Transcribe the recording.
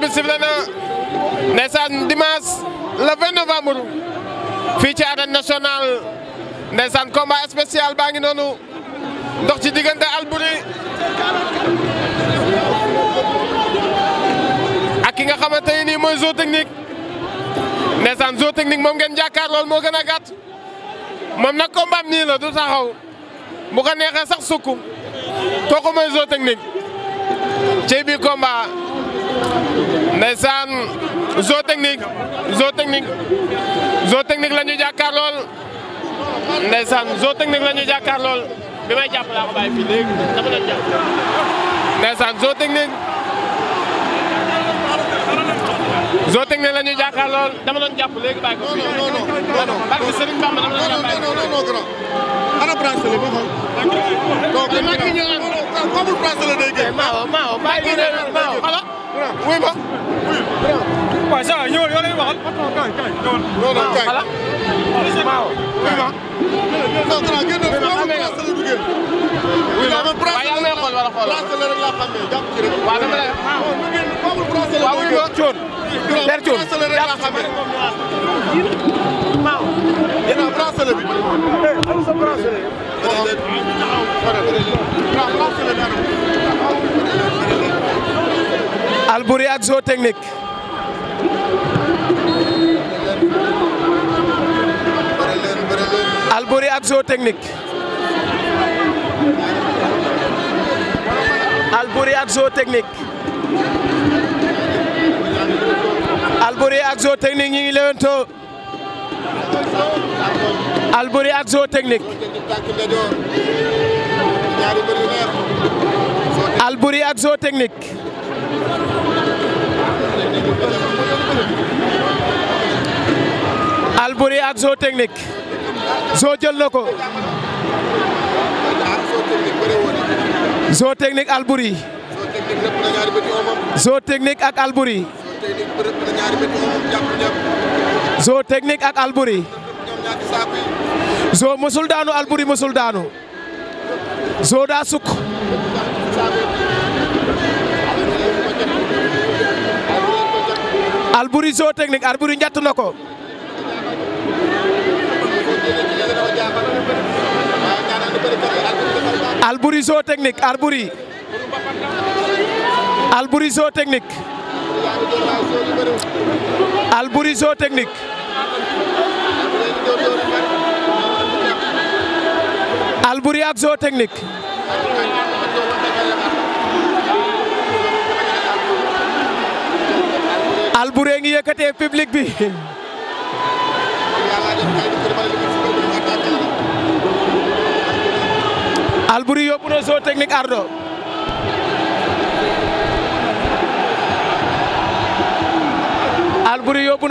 arbitre sifflé na ndeysaan dimanche le 20 novembre fii ci arène nationale ndeysaan combat spécial baa ngi noonu ndox ci diggante Alboury ak ki nga xamante ne nii mooy zoo technique ndeysaan zoo technique moom ngeen jàkkaar lool moo gën a gàtt moom nag combat am nii la du ko neexee sax sukk kooku mooy zoo technique ci biir ndeysaan zoo technique zoo technique zoo technique la ñu jàkkaar lool ndeysaan zoo technique la ñu jàkkaar lool bi may jàpp laa ko bàyyi fii léegi dama doon jàpp ndeysaan zoo technique zoo technique la ñu jàkkaar lool dama doon jàpp léegi bàyyi ko fii non non non parce que Serigne Bamba dama doon jàpp bàyyi non non non grand ana bracelet bi xool donc ma ngi ñëw amul bracelet day gën maa maa bàyyi wuy ma. waaw ça va ñëwal yoo lay waxal. kaay kaay ñëwal. non non kaay voilà. wuy ma. non non génn na ma ma place la duggee. wuy ma waaye yaa ngi may xool wala xool la place la rek laa xamee jàpp ci rek. waaw dama lay. waaw nu ngeen fawul place la. waaw wuy ma coon. per coon place la rek laa xamee. waaw. yéen a place la bi. eh am sa place la. waaw. place la dara. Albouri ak Joe Technique Albouri ak Joe Technique Albouri ak Joe Technique Albouri ak Joe Technique ngi lewentoo Albouri ak Joe Technique Albouri ak Joe Technique ak zoo technique zoo jël na ko zoo technique Albouri zoo technique ak Albouri zoo technique ak Albouri zoo musul daanu Albouri musul daanu zoo daa sukk zoo technique Albouri njatt na ko Alboury Joe Technique Alboury Alboury Joe Technique Alboury Joe Technique Alboury ak Joe Technique Alboury ngi yëkkatee public bi Alboury yóbbu na Joe Technique Ardo Alboury yóbbu